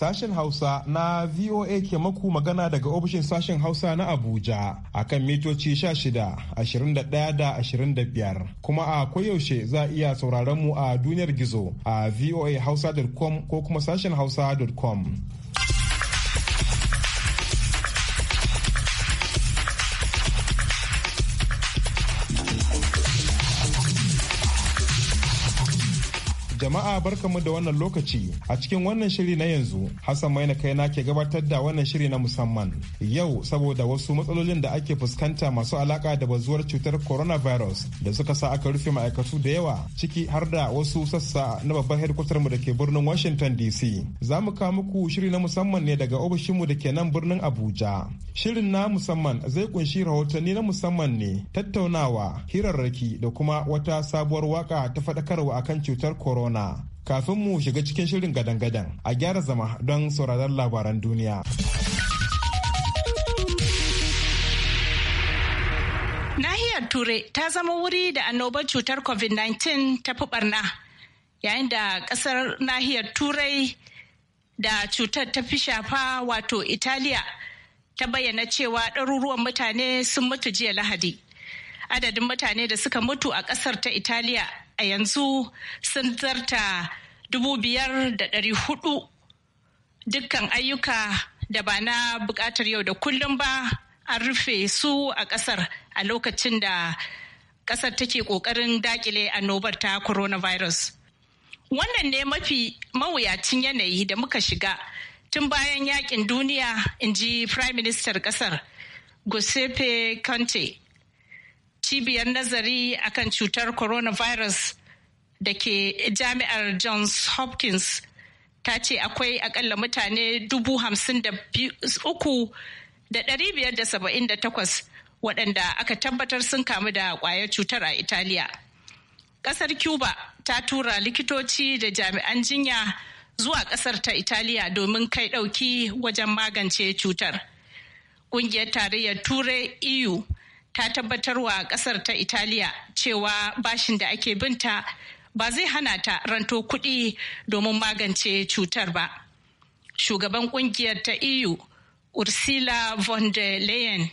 Sashen Hausa na VOA ke maku magana daga ofishin sashen Hausa na Abuja akan mitoci 16, 21 da 25. Kuma a koyaushe za a iya sauraron mu a duniyar gizo a voahausa.com ko kuma sashen hausa.com. Jama'a barkamu da wannan lokaci a cikin wannan shiri na yanzu Hassan mai kai na ke gabatar da wannan shiri na musamman. Yau saboda wasu matsalolin da ake fuskanta masu alaka da bazuwar cutar coronavirus da suka sa aka rufe ma'aikatu da yawa ciki har da wasu sassa na babbar hedkwatar mu da ke birnin Washington DC. Za mu kawo muku shiri na musamman ne daga mu da ke nan birnin Abuja. Shirin na musamman zai kunshi rahotanni na musamman ne tattaunawa hirarraki da kuma wata sabuwar waka ta faɗakarwa akan cutar corona Kafin mu shiga cikin shirin gadan-gadan a gyara zama don sauraron labaran duniya. Nahiyar Turai ta zama wuri da annobar cutar COVID-19 ta fi barna, yayin da ƙasar nahiyar Turai da cutar ta fi shafa wato Italiya ta bayyana cewa ɗaruruwan mutane sun mutu jiya Lahadi. Adadin mutane da suka mutu a ƙasar ta Italiya a yanzu sun zarta dubu biyar da ɗari hudu dukkan ayyuka da ba na buƙatar yau da kullum ba an rufe su a ƙasar a lokacin da ƙasar take ƙoƙarin dakile annobar ta coronavirus. Wannan ne mafi mawuyacin yanayi da muka shiga tun bayan yakin duniya in ji Prime Minister ƙasar Giuseppe Conte cibiyar nazari akan cutar coronavirus da ke jami'ar Johns Hopkins ta ce akwai akalla mutane dubu hamsin da uku da dari biyar da saba'in da takwas waɗanda aka tabbatar sun kamu da ƙwayar cutar a Italiya. Ƙasar Cuba ta tura likitoci da jami'an jinya zuwa ƙasar ta Italiya domin kai ɗauki wajen magance cutar. Ƙungiyar tarayyar Turai EU ta tabbatarwa kasar ta italiya cewa bashin da ake binta ba zai hana ta ranto kuɗi domin magance cutar ba shugaban kungiyar ta eu ursula von der leyen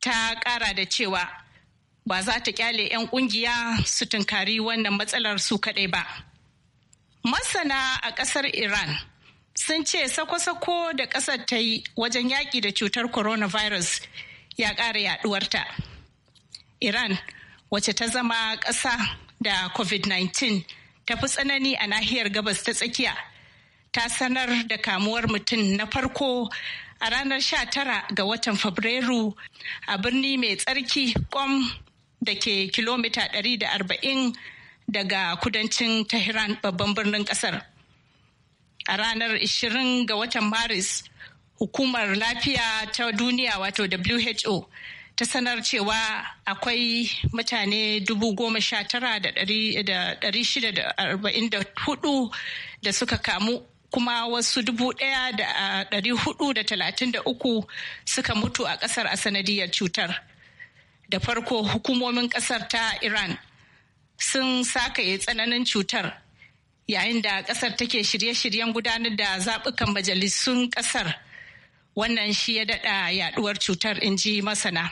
ta ƙara da cewa ba za ta kyale 'yan kungiya su tunkari wannan matsalar su kaɗai ba masana a ƙasar iran sun ce sako-sako da ƙasar ta yi wajen yaƙi da cutar coronavirus ya ƙara yaɗuwarta. Iran wacce ta zama ƙasa da COVID-19 ta fi tsanani a nahiyar gabas ta tsakiya ta sanar da kamuwar mutum na farko a ranar 19 ga watan Fabrairu a birni mai tsarki kom da ke kilomita 140 daga kudancin Tehran babban birnin ƙasar, A ranar 20 ga watan Maris hukumar lafiya ta duniya wato who ta sanar cewa akwai mutane dubu goma sha tara da ɗari shida da arba'in da hudu da suka kamu kuma wasu dubu ɗaya da ɗari hudu da talatin da uku suka mutu a ƙasar a sanadiyar cutar da farko hukumomin ƙasar ta iran sun sakaye tsananin cutar yayin da ƙasar take shirye-shiryen gudanar da zaɓukan majalisun ƙasar wannan shi ya daɗa yaɗuwar cutar inji masana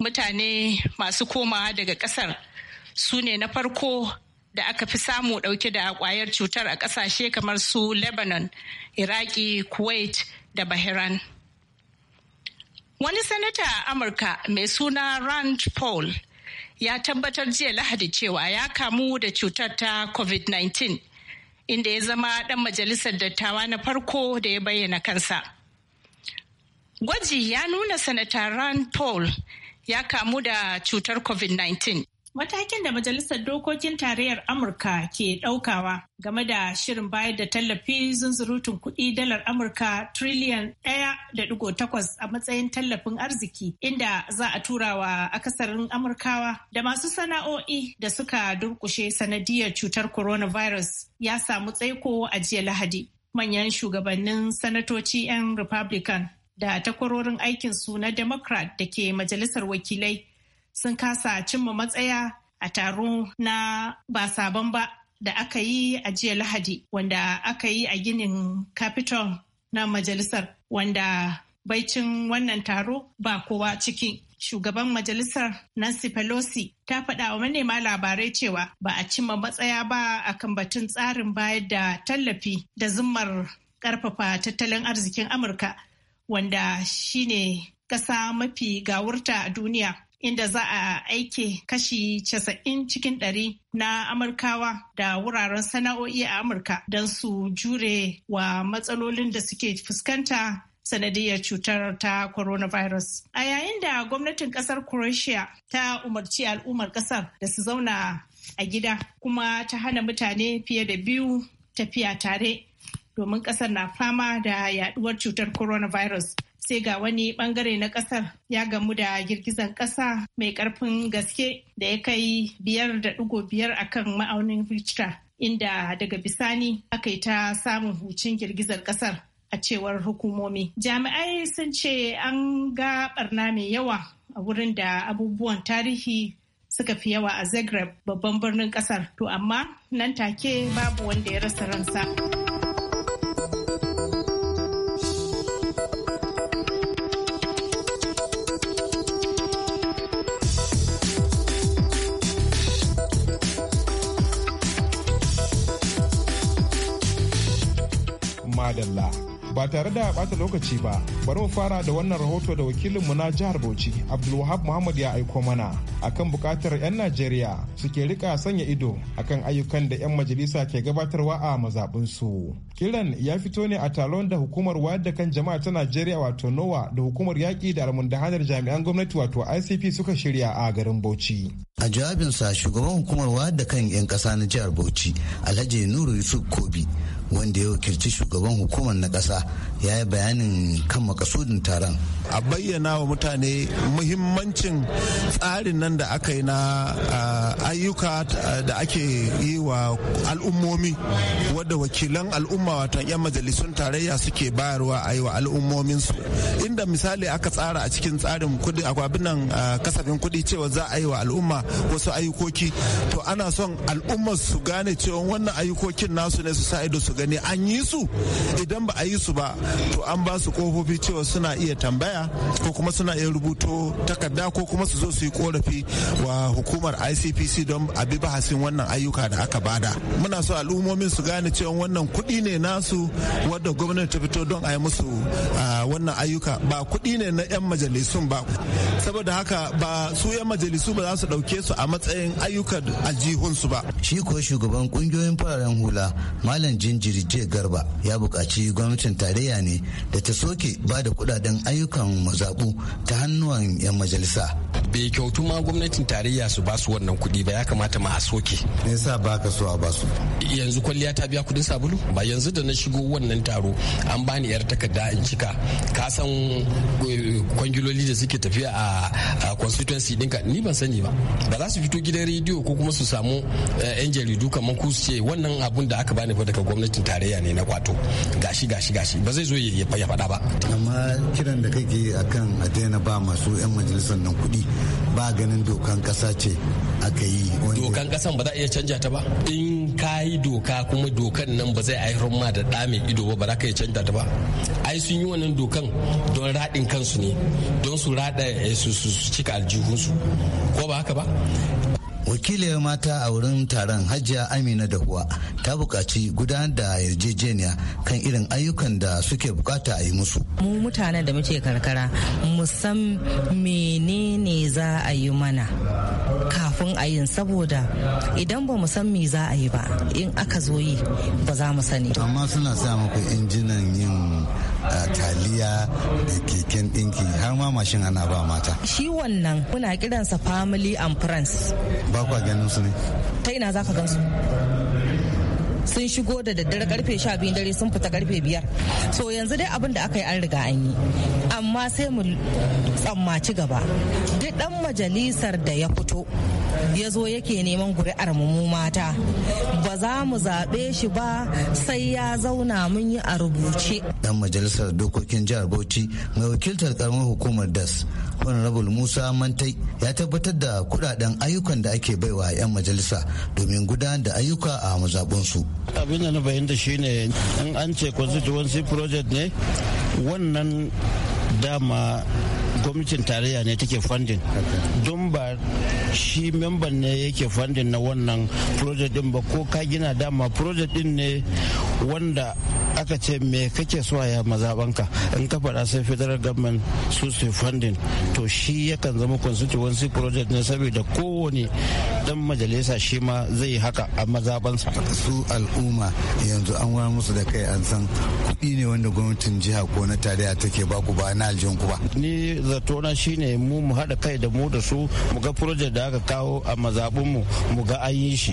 mutane masu komawa daga ƙasar su ne na farko da aka fi samu ɗauke da kwayar cutar a ƙasashe kamar su lebanon iraki kuwait da Bahiran. wani sanata a amurka mai suna rand paul ya tabbatar jiya lahadi cewa ya kamu da cutar ta covid-19 inda ya zama ɗan majalisar dattawa na farko da ya bayyana kansa. Gwaji ya nuna Sanata Rand Paul ya kamu da cutar COVID-19. Matakin da Majalisar Dokokin Tarayyar Amurka ke ɗaukawa game da shirin bayar da tallafi zunzurutun kuɗi dalar Amurka triliyan ɗaya da takwas a matsayin tallafin arziki inda za a tura wa akasarin Amurkawa da masu sana'o'i da suka durkushe sanadiyar cutar coronavirus ya samu tsaiko a jiya Lahadi. Manyan shugabannin sanatoci 'yan Republican da takwarorin aikin su na democrat da ke majalisar wakilai sun kasa cimma matsaya a taro na ba sabon ba da aka yi a jiya lahadi wanda aka yi a ginin capitol na majalisar wanda baicin wannan taro ba kowa ciki shugaban majalisar Nancy Pelosi ta faɗa wa manema labarai cewa ba a cimma matsaya ba a kan batun tsarin bayar da tallafi da zummar karfafa tattalin arzikin Amurka wanda shine ƙasa mafi gawurta a duniya inda za a aike kashi casa'in cikin ɗari na Amurkawa da wuraren sana'o'i a Amurka don su jure wa matsalolin da suke fuskanta sanadiyar cutar ta coronavirus. A yayin da gwamnatin ƙasar Croatia ta umarci al'ummar ƙasar da su zauna a gida kuma ta hana mutane fiye da biyu tafiya tare domin kasar na fama da yaduwar cutar coronavirus sai ga wani bangare na kasar ya gamu da girgizar kasa mai karfin gaske da ya kai biyar da dugo biyar akan ma'aunin richter inda daga bisani aka yi ta samun hucin girgizar kasar a cewar hukumomi jami'ai sun ce an ga barna mai yawa a wurin da abubuwan tarihi suka fi yawa a zagreb babban birnin kasar to amma nan take babu wanda ya rasa ransa. ba tare da bata lokaci ba bari mu fara da wannan rahoto da wakilinmu na jihar bauchi abdulwahab muhammad ya aiko mana akan bukatar 'yan najeriya suke rika sanya ido akan ayyukan da 'yan majalisa ke gabatarwa a su kiran ya fito ne a talon da hukumar wayar da kan jama'a ta najeriya wato nowa da hukumar yaƙi da almundahanar jami'an gwamnati wato icp suka shirya a garin bauchi a jawabinsa shugaban hukumar wayar da kan 'yan ƙasa na jihar bauchi alhaji nuru yusuf kobi wanda ya wakilci shugaban hukumar na kasa ya yi bayanin kan makasudin taron a bayyana wa mutane muhimmancin tsarin nan da aka yi na ayyuka da ake yi wa al'ummomi wadda wakilan al'umma watan 'yan majalisun tarayya suke bayarwa a yi wa al'ummominsu inda misali aka tsara a cikin tsarin kudi nan kasafin kudi cewa za a yi wa al'umma wasu ayyukoki to ana son al'ummar su gane cewa wannan ayyukokin nasu ne su sa ido su gani an yi su idan ba a yi su ba to an ba su kofofi cewa suna iya tambaya ko kuma suna iya rubuto takarda ko kuma su zo su yi korafi wa hukumar icpc don a bi bahasin wannan ayyuka da aka bada muna so al'ummomin su gane cewa wannan kuɗi ne nasu wadda gwamnati ta fito don a yi musu wannan ayyuka ba kuɗi ne na 'yan majalisun ba saboda haka ba su 'yan majalisu ba za su ɗauke su a matsayin ayyukan aljihunsu ba shi ko shugaban kungiyoyin fararen hula malam jinji Bashir Garba ya buƙaci gwamnatin tarayya ne da ta soke ba da kudaden ayyukan mazaɓu ta hannuwan 'yan majalisa. Bai kyautu ma gwamnatin tarayya su ba su wannan kuɗi ba ya kamata ma a soke. Me yasa ba ka so a ba su? Yanzu kwalliya ta biya kuɗin sabulu? Ba yanzu da na shigo wannan taro an bani yar takarda in cika. Ka san eh, kwangiloli da suke tafiya a constituency dinka ni ban sani ba. Ba za su fito gidan rediyo ko kuma su samu eh, 'yan jaridu kamar ku su ce wannan abun da aka bani fa daga gwamnati. gwamnatin tarayya ne na kwato gashi gashi gashi ba zai zo ya faɗa ba amma kiran da kake akan a daina ba masu 'yan majalisar nan kuɗi ba ganin dokan ƙasa ce aka yi dokan ƙasan ba za a iya canja ta ba in ka yi doka kuma dokan nan ba zai haifar ma da ɗa mai ido ba ba za ka iya canja ta ba ai sun yi wannan dokan don raɗin kansu ne don su raɗa eh, su cika aljihunsu ko ba haka ba wakiliyar mata a wurin taron hajiya amina da huwa ta bukaci gudanar da yarjejeniya kan irin ayyukan da suke bukata a yi musu mu mutanen da muke karkara musam menene za a yi mana kafin a yin saboda idan ba mu san me za a yi ba in aka zo yi ba za mu sani amma suna sa muku injinan yin taliya da keken ɗinki har ma mashin ana ba mata. Shi wannan muna kiransa family and friends. Ba kwa ganin su ne. Ta ina za ka gan su? sun shigo da daddare karfe sha biyun dare sun fita karfe biyar so yanzu dai abin da aka yi an riga an yi amma sai mu tsammaci gaba duk dan majalisar da ya fito ya zo yake neman kuri'ar mu mata ba za mu zaɓe shi ba sai ya zauna mun yi a rubuce dan majalisar dokokin jihar bauchi mai wakiltar karamar hukumar das honorable musa mantai ya tabbatar da kudaden ayyukan da ake baiwa 'yan majalisa domin gudanar da ayyuka a mazaɓinsu abin da na fahimta shine in an ce constituency project ne wannan dama gwamnatin tarayya ne take funding don ba shi memban ne yake fandin na wannan project din ba ko ka gina dama project din ne wanda aka ce me kake so ya mazabanka in ka faɗa sai federal government su su funding to shi yakan zama constituency project ne saboda kowane dan majalisa shi ma zai haka a mazabansa su al'umma yanzu an wayar musu da kai an san kuɗi ne wanda gwamnatin jiha ko na tarayya take ba ku ba na aljihun ku ba ni zato na shine mu mu haɗa kai da mu da su mu mu ga project da aka kawo a mazaɓinmu mu ga an yi shi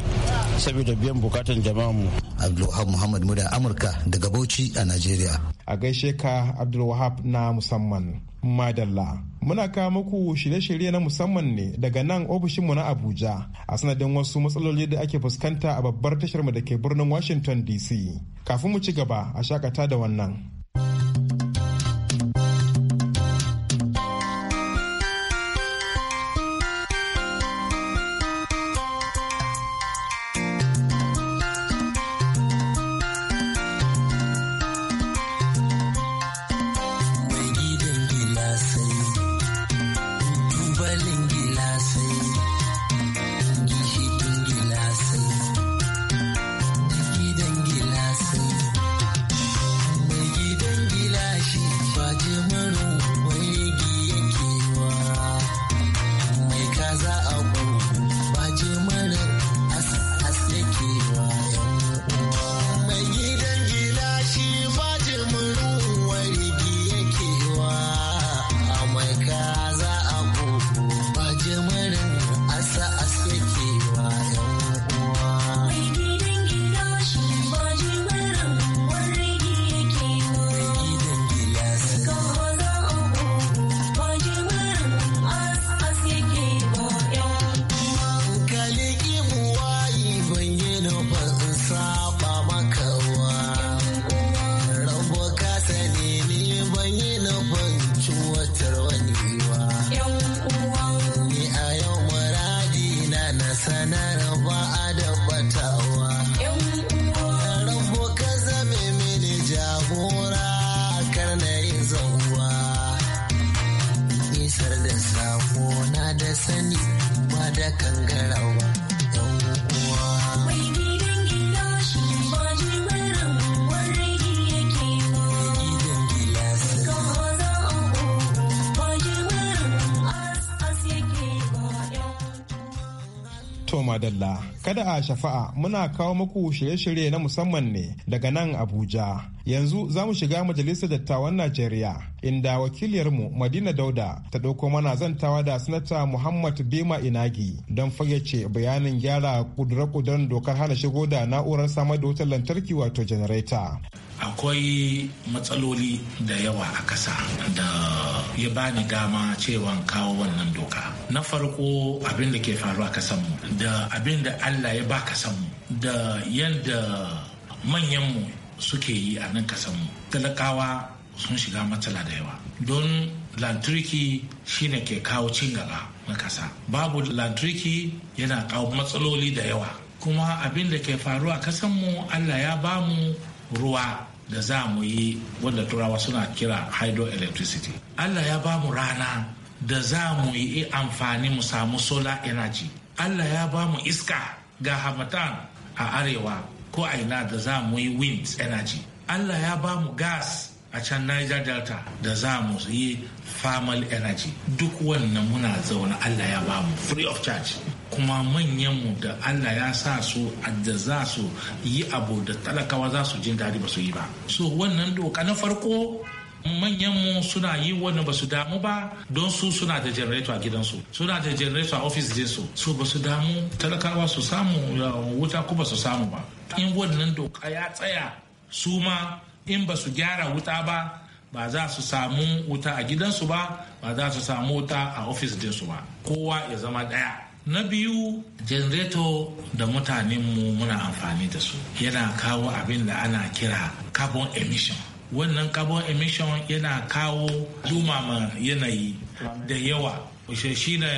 saboda biyan bukatan jama'anmu. Abdulwahab Muhammad Muda Amurka daga Bauchi a Najeriya. A gaishe ka Abdulwahab na musamman. Madalla. Muna kawo muku shirye-shirye na musamman ne daga nan ofishinmu na Abuja a sanadin wasu matsaloli da ake fuskanta a babbar tashar mu da ke birnin Washington DC. Kafin mu ci gaba a shakata da wannan. a shafa'a muna kawo muku shirye-shirye na musamman ne daga nan Abuja. Yanzu za mu shiga Majalisar Dattawan Najeriya inda wakiliyarmu Madina Dauda ta ɗauko mana zantawa da Sanata Muhammad Bima Inagi don fayyace bayanin gyara kudura dokar hana shigo da na'urar samar da wutar lantarki wato janareta. akwai matsaloli da yawa a ƙasa da ya bani dama cewa kawo wannan doka na farko abin da ke faru a da abin da allah ya ba ƙasanmu. da yadda manyanmu suke yi a nan ƙasanmu. talakawa sun shiga matsala da yawa don lantarki shine ke kawo cin gaba na kasa babu lantarki yana kawo matsaloli da yawa kuma abin da ke faruwa a kasanmu allah ya ba mu ruwa da za mu yi wanda turawa suna kira hydroelectricity allah ya ba mu rana da za mu yi amfani mu samu solar energy allah ya ba mu iska ga hamatan a arewa ko aina da za mu yi wind energy allah ya ba mu gas a can niger delta da za mu yi thermal energy duk wannan muna zaune allah ya ba mu free of charge kuma manyanmu da allah ya sa su da za su yi abu da talakawa za su jin daɗi ba su yi ba so wannan doka na farko manyanmu suna yi wani ba su damu ba don su suna da janareto a gidansu suna da janareto a ofis dinsu su ba su damu talakawa su samu wuta ba su samu ba in wannan doka ya tsaya su ma in ba su gyara wuta ba ba za su samu wuta a gidansu ba ba za su samu wuta a ofis dinsu ba kowa ya zama ɗaya na biyu janareto da mutanenmu muna amfani da su yana kawo abin da ana kira carbon emission wannan carbon emission yana kawo dumama yanayi da yawa shi ne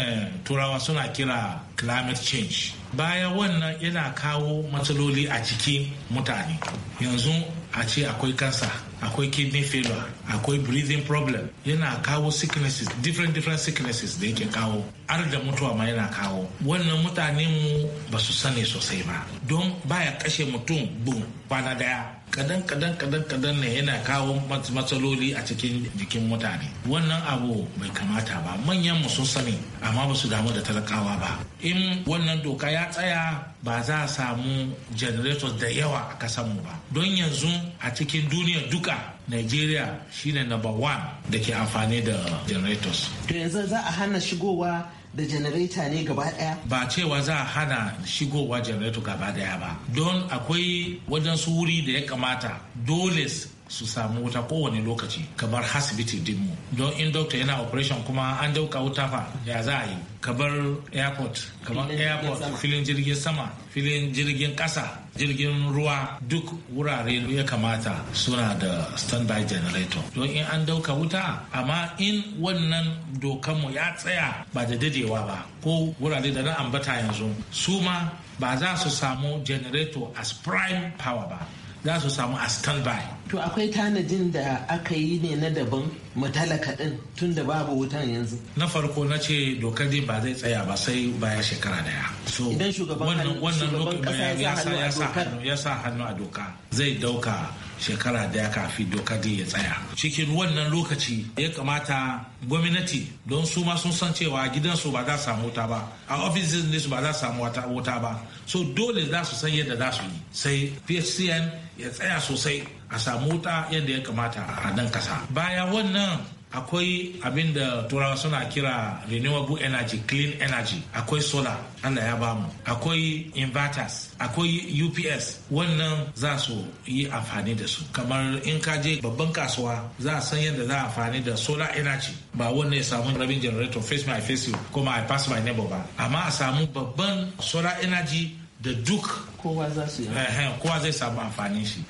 turawa suna kira climate change baya wannan yana kawo matsaloli a cikin mutane yanzu a ce akwai kansa akwai kidney failure akwai breathing problem yana kawo sicknesses different different sicknesses da yake kawo har da mutuwa ma yana kawo wannan mutane mu ba su sani sosai ba don baya kashe mutum bun kwana daya kadan kadan kadan kadan ne yana kawo matsaloli a cikin jikin mutane wannan abu bai kamata ba manyan mu sun sani amma ba su damu da talakawa ba in wannan doka ya tsaya ba za a samu generators da yawa a kasanmu ba don yanzu a cikin duniya duka nigeria shine number one da ke amfani da generators to yanzu za a hana shigowa da janareta ne gaba daya ba cewa za a hana shigowa janareto gaba daya ba don akwai wajen su wuri da ya kamata dole su samu wuta kowane lokaci kamar hasibiti dinmu don in dokta yana operation kuma an dauka wuta fa ya za a yi kabar airport kamar airport filin jirgin sama filin jirgin kasa jirgin ruwa duk wurare ya kamata suna da standby generator don in an dauka wuta amma in wannan dokanmu ya tsaya ba da dadewa ba ko wurare da na ambata yanzu su ma ba za su samu generator as prime power ba za su samu a stand to akwai tanadin da aka yi ne na daban matalaka din tun da babu wutan yanzu na farko na ce dokar din ba zai tsaya ba sai bayan shekara daya so idan shugaban kasa ya sa hannu a doka zai dauka shekara daya kafin doka din ya tsaya cikin wannan lokaci ya kamata gwamnati don su ma sun san cewa gidansu ba za su samu wuta ba a su ba za su samu wuta ba so dole za su san yadda za su yi sai pcn ya tsaya sosai a samu wuta yadda ya kamata a nan kasa baya wannan akwai abin da turawa suna kira renewable energy clean energy akwai solar allah ya bamu akwai inverters akwai ups wannan za su yi amfani da su kamar in ka je babban kasuwa za a san yadda za a amfani da solar energy ba wannan ya samu rabin generator face my face you kuma i pass my neighbor ba amma a samu babban solar energy da duk eh, eh, kowa zai samu amfanin shi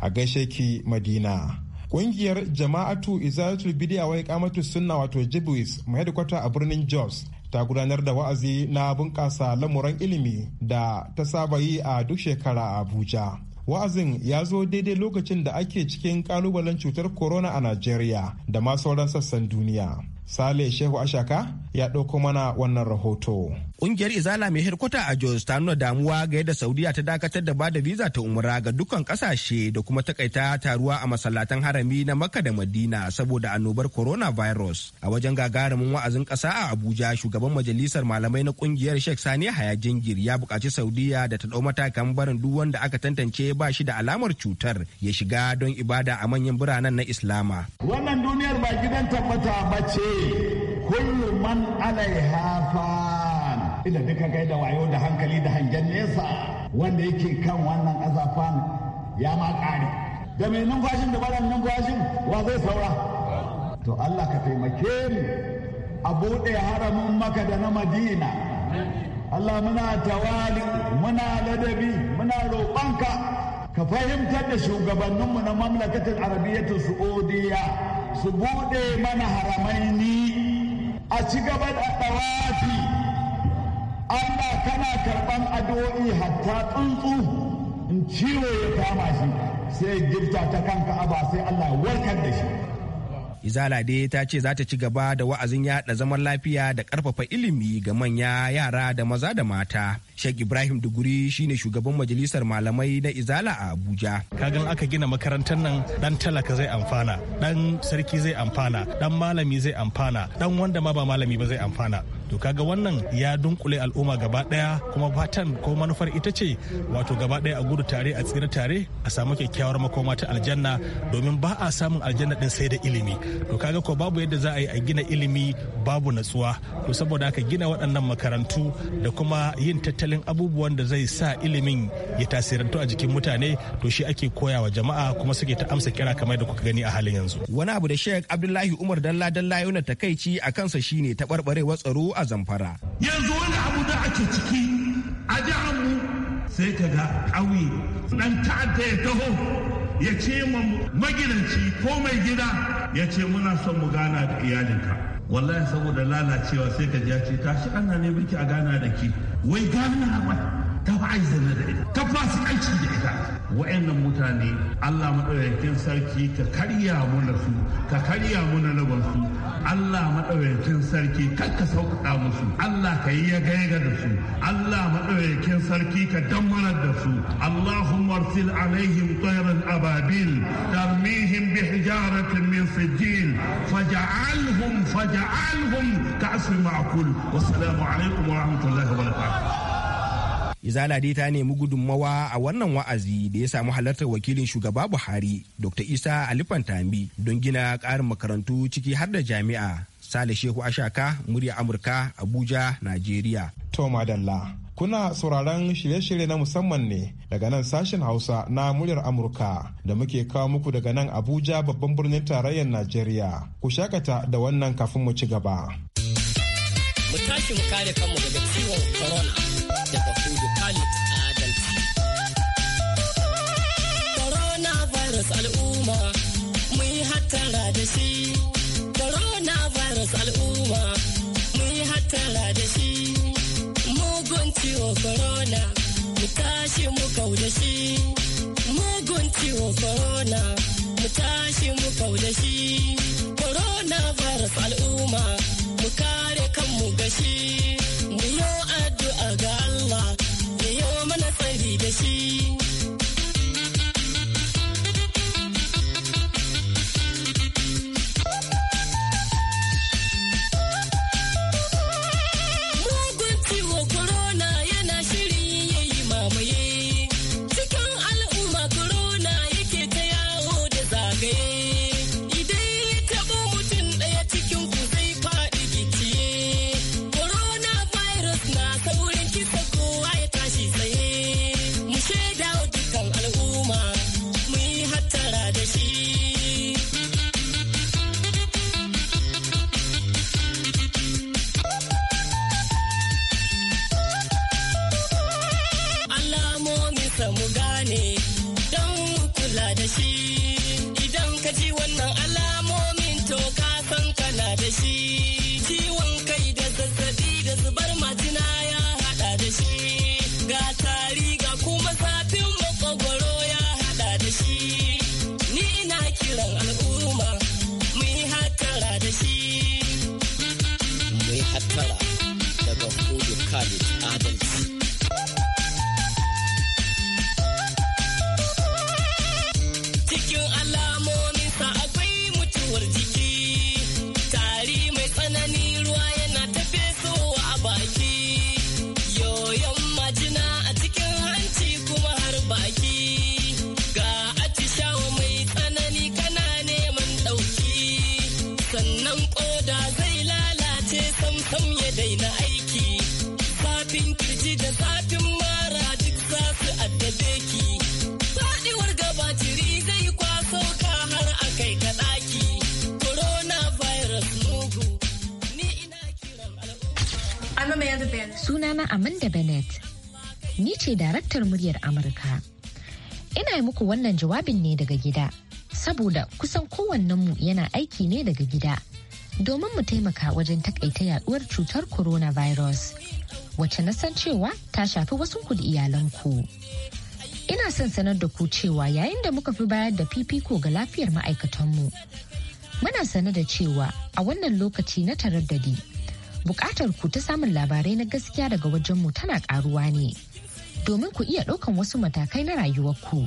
a gaishe ki madina kungiyar jama'atu izatul bidiya wai kamatu sunna wato jibwis mai kwata a birnin jos ta gudanar da wa'azi na bunƙasa lamuran ilimi da ta saba yi a duk shekara a abuja wa'azin ya zo daidai lokacin da ake cikin kalubalen cutar corona a najeriya da ma sauran sassan duniya Sale Shehu Ashaka ya ɗauko mana wannan rahoto. Ƙungiyar Izala mai hirkuta a Jos ta nuna damuwa ga yadda Saudiya ta dakatar da bada visa ta umra ga dukkan ƙasashe da kuma takaita taruwa a masallatan harami na Makka da Madina saboda annobar coronavirus. A wajen gagarumin wa'azin ƙasa a Abuja, shugaban majalisar malamai na ƙungiyar Sheikh Sani Haya Jingir ya buƙaci Saudiya da ta ɗau matakan barin duk wanda aka tantance ba shi da alamar cutar ya shiga don ibada a manyan biranen na Islama. Wannan duniyar ba gidan tabbata ba ce kullu man alaiha fan ina duka kai da wayo da hankali da hangen nesa wanda yake kan wannan azafan ya ma kare da mai numfashin da baran numfashin wa zai saura to Allah ka taimake mu a bude haramin maka da na madina Allah muna tawali muna ladabi muna roƙonka ka fahimtar da shugabanninmu na mamlakatar Arabiyyatu su'udiyya su buɗe mana haramai ni a ci gaba da ɗawafi Allah kana karɓan addu'o'i hatta tsuntsu in ciwo ya kama shi sai girta ta kanka aba sai Allah warkar da shi. Izala dai ta ce za ta ci gaba da wa'azin yaɗa zaman lafiya da ƙarfafa ilimi ga manya yara da maza da mata. Sheikh Ibrahim Duguri shine shugaban majalisar malamai na Izala a Abuja. Kagan aka gina makarantar nan dan talaka zai amfana, dan sarki zai amfana, dan malami zai amfana, dan wanda ma ba malami ba zai amfana. to kaga wannan ya dunkule al'umma gaba daya kuma fatan ko manufar ita ce wato gaba daya a gudu tare a tsira tare a samu kyakkyawar makoma ta aljanna domin ba a samun aljanna din sai da ilimi to kaga ko babu yadda za a yi a gina ilimi babu natsuwa to saboda haka gina waɗannan makarantu da kuma yin tattalin tattalin abubuwan da zai sa ilimin ya tasirantu a jikin mutane to shi ake koya wa jama'a kuma suke ta amsa kira kamar da kuka gani a halin yanzu wani abu da sheikh abdullahi umar dalla dalla yana takaici a kansa shine taɓarɓarewar tsaro a zamfara yanzu wani abu da ake ciki a jihanmu sai ka ga ƙauye dan ta'adda ya taho ya ce ma magidanci ko mai gida ya ce muna son mu gana da iyalinka wallahi saboda lalacewa sai ka ji ya ce tashi ana ne biki a gana da ke wai gana wai ta fa'aizana da ita ta aiki da ita wa'annan mutane Allah maɗaukakin sarki ka karya muna su ka karya muna na su Allah maɗaukakin sarki kar ka sauƙaƙa musu Allah ka yi ya gaiga da su Allah maɗaukakin sarki ka dammarar da su Allahumma arsil alaihim tayran ababil tarmihim bi hijaratin min sijil faj'alhum Ka ka'asfin ma'kul wassalamu alaikum wa rahmatullahi wa barakatuh izala dai ta nemi gudunmawa a wannan wa'azi da ya samu halartar wakilin shugaba buhari dr isa alifantami don gina ƙarin makarantu ciki har da jami'a sale shehu ashaka murya amurka abuja najeriya to dalla kuna sauraron shirye-shirye na musamman ne daga nan sashen hausa na muryar amurka da muke kawo muku daga nan abuja babban birnin tarayyar najeriya ku shakata da wannan kafin mu ci gaba mu tashi mu kare kanmu daga ciwon corona misali adalci. Corona virus al'umma mun yi hattara da shi. Corona virus al'umma mun yi hattara da shi. Mugun ciwo corona mu tashi mu kau da shi. Mugun ciwo corona mu tashi mu kau da shi. Corona virus al'umma mu kare kanmu gashi. Mu yi addu'a ga Allah. 心。ni na kiran al'umma mu yi hattara da shi mu yi hattara daga hudu khalid adalci cikin allah Amanda Bennett. Ni ce daraktar muryar Amurka. Ina yi muku wannan jawabin ne daga gida, saboda kusan kowannenmu yana aiki ne daga gida. Domin mu taimaka wajen takaita yaduwar cutar coronavirus, wacce na san cewa ta shafi wasu kudi iyalanku. Ina son sanar da ku cewa yayin da muka fi bayar da fifiko ga lafiyar ma'aikatanmu. Muna sane da cewa a wannan lokaci na taraddadi bukatar ku ta samun labarai na gaskiya daga wajenmu tana karuwa ne domin ku iya ɗaukan wasu matakai na rayuwarku.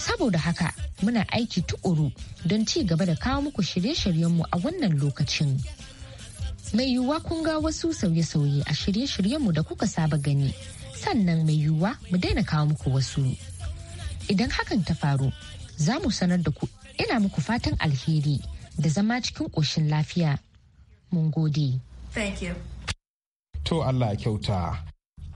Saboda haka muna aiki tuƙuru don ci gaba da kawo muku shirye-shiryenmu a wannan lokacin. Mai yiwuwa kun ga wasu sauye-sauye a shirye-shiryenmu da kuka saba gani, sannan mai yiwuwa mu daina kawo muku wasu. Idan hakan ta faru, za mu sanar da ku ina muku fatan alheri da zama cikin ƙoshin lafiya. Mun gode. Thank you. To Allah kyauta.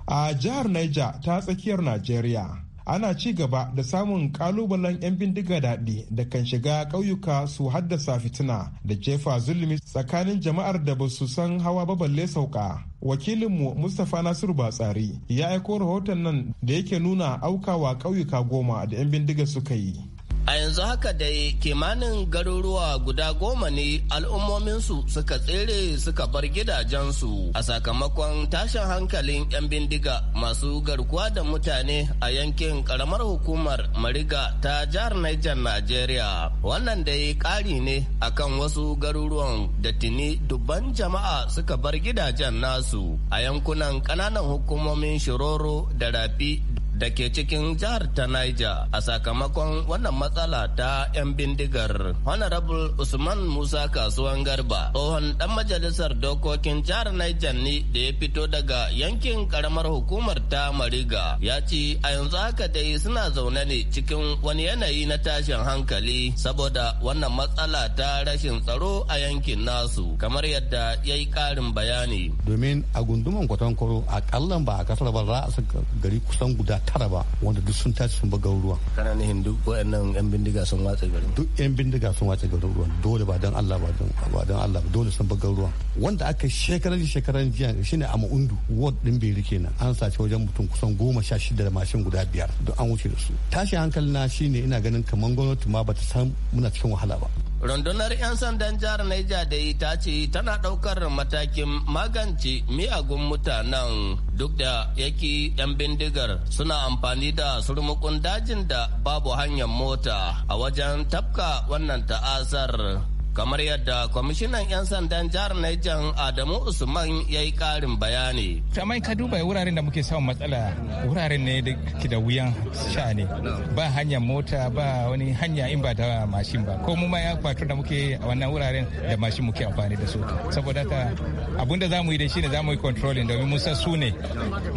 A jihar Niger ta tsakiyar Najeriya. ana ci gaba da samun kalubalen 'yan bindiga daɗi da kan shiga ƙauyuka su haddasa fitina da jefa zulumi tsakanin jama'ar da ba su san hawa ba balle sauka wakilinmu mustapha nasiru batsari ya aiko rahoton nan da yake nuna aukawa ƙauyuka goma da 'yan bindiga suka yi A yanzu haka dai kimanin garuruwa guda goma ne al'ummominsu suka tsere suka bar gidajensu a sakamakon tashin hankalin 'yan bindiga masu garkuwa da mutane a yankin karamar hukumar Mariga ta jihar Niger Najeriya. Wannan dai ƙari ne akan wasu garuruwan da tuni dubban jama'a suka bar gidajen nasu a yankunan ƙananan hukumomin Shiroro da Rafi da ke cikin jihar ta Niger a sakamakon wannan matsala ta 'yan bindigar. Honorable Usman Musa Kasuwan Garba, tsohon dan majalisar dokokin jihar Niger ne da ya fito daga yankin karamar hukumar ta Mariga, ya ce a yanzu haka dai suna zaune ne cikin wani yanayi na tashin hankali saboda wannan matsala ta rashin tsaro a yankin nasu, kamar yadda ya yi karin bayani. Domin a gunduman kwatankwaro a akalla ba a kasar ba za a gari kusan guda tara ba wanda duk sun tashi sun buga ruwan kana nihin duk wayannan yan bindiga sun watsa garin duk yan bindiga sun watsa garin ruwan dole ba dan Allah ba dan ba dan Allah dole sun buga ruwan wanda aka shekaran shekaran jiya shine a ma'undu ward din beri kenan an sace wajen mutum kusan goma sha shida da mashin guda biyar duk an wuce da su tashi hankali na shine ina ganin kamar gwamnati ma bata san muna cikin wahala ba rundunar 'yan sandan jihar Naija da ta ce tana ɗaukar matakin magance miyagun mutanen duk da yake 'yan bindigar suna amfani da surmukun dajin da babu hanyar mota a wajen tafka wannan ta'asar kamar yadda kwamishinan 'yan sandan jihar Niger Adamu Usman ya yi karin bayani. Tamai ka duba wuraren da muke samun matsala wuraren ne da ke da wuyan sha ne ba hanyar mota ba wani hanya in ba da mashin ba ko mu ma ya kwato da muke a wannan wuraren da mashin muke amfani da su saboda ta abunda da zamu yi da shi ne zamu yi controlling domin mu san su ne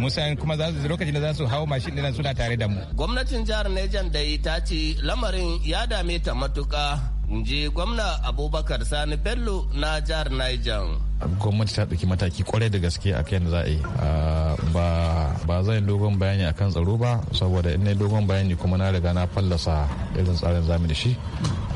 Mu san kuma za su lokacin da za su hawo mashin dinan suna tare da mu. Gwamnatin jihar Niger dai ta ce lamarin ya dame ta matuƙa. je gwamna abubakar sani bello na jihar niger gwamnati ta ɗauki mataki kwarai da gaske a kan za a yi ah, ba zan dogon bayani a kan tsaro ba saboda in dogon bayani kuma na riga na fallasa irin tsarin zamani da shi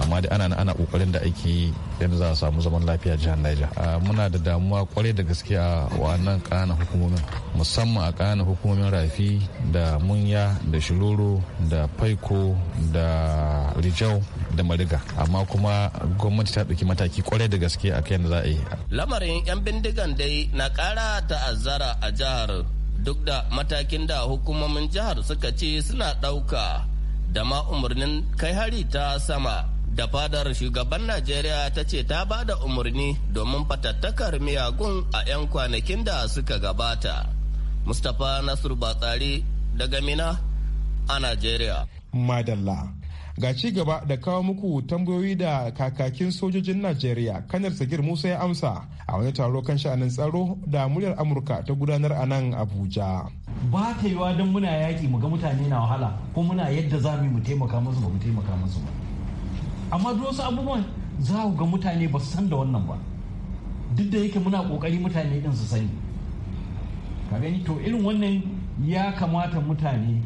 amma da ana ana kokarin da ake yadda za a samu zaman lafiya jihar Niger. Muna da damuwa kwarai da gaske a wannan ƙananan hukumomin musamman a ƙananan hukumomin rafi da munya da shiroro da faiko da rijau da mariga amma kuma gwamnati ta ɗauki mataki kwarai da gaske a kan za a yi. Lamarin 'yan bindigan dai na ƙara ta'azzara a jihar duk da matakin da hukumomin jihar suka ce suna ɗauka da ma umarnin kai hari ta sama. da fadar shugaban najeriya ta ce ta ba da umarni domin fatattakar miyagun a 'yan kwanakin da suka gabata mustapha nasiru batsari daga mina a najeriya madalla ga ci gaba da kawo muku tambayoyi da kakakin sojojin najeriya kanar sagir musa ya amsa a wani taro kan sha'anin tsaro da muryar amurka ta gudanar a nan abuja ba ta yiwa don muna yaƙi mu ga mutane na wahala ko muna yadda za mu taimaka musu ba mu taimaka musu ba amma duk wasu abubuwan za ku ga mutane ba san da wannan ba duk da yake muna kokari mutane din su sani ka gani to irin wannan ya kamata mutane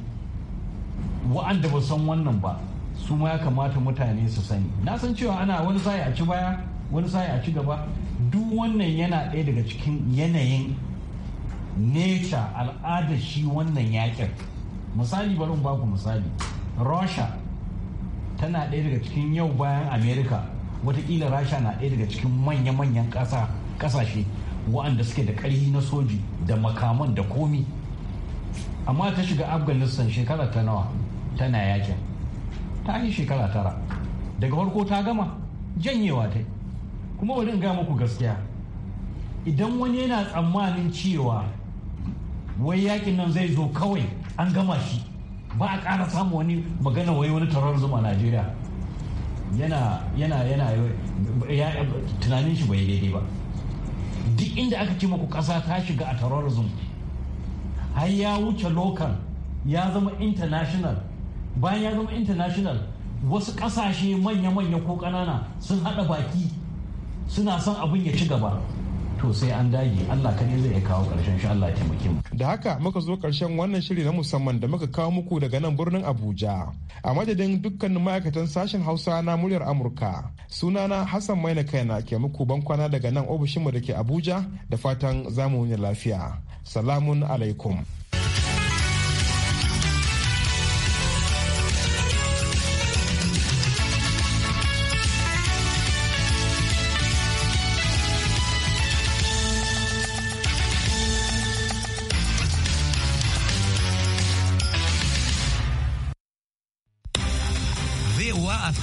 wa'anda ba san wannan ba su ma ya kamata mutane su sani na san cewa ana wani sai a ci baya wani sai a ci gaba duk wannan yana ɗaya daga cikin yanayin nature al'adar shi wannan yakin misali bari ba ku misali russia tana ɗaya daga cikin yau bayan america watakila rasha na ɗaya daga cikin manya-manyan ƙasashe wa'anda suke da ƙarfi na soji da makaman da komi amma ta shiga afghanistan shekara ta nawa tana yakin ta yi shekara tara daga farko ta gama janyewa ta kuma wani ga muku gaskiya idan wani yana tsammanin cewa wai yakin nan zai zo kawai an gama shi ba a ƙara samu wani magana wai wani terrorism a najeriya yana yana yana tunanin shi bai daidai ba duk inda aka ce maku ƙasa ta shiga a zuma har ya wuce lokal ya zama international bayan ya zama international wasu ƙasashe manya-manya ko ƙanana sun haɗa baki suna son abin ya ci gaba to sai an dage Allah kadai zai kawo karshen shi Allah ya taimake mu da haka muka zo karshen wannan shiri na musamman da muka kawo muku daga nan birnin Abuja a madadin dukkanin ma'aikatan sashen Hausa na muryar Amurka sunana Hassan Maina kaina ke muku bankwana daga nan ofishinmu da ke Abuja da fatan zamu yi lafiya salamun alaikum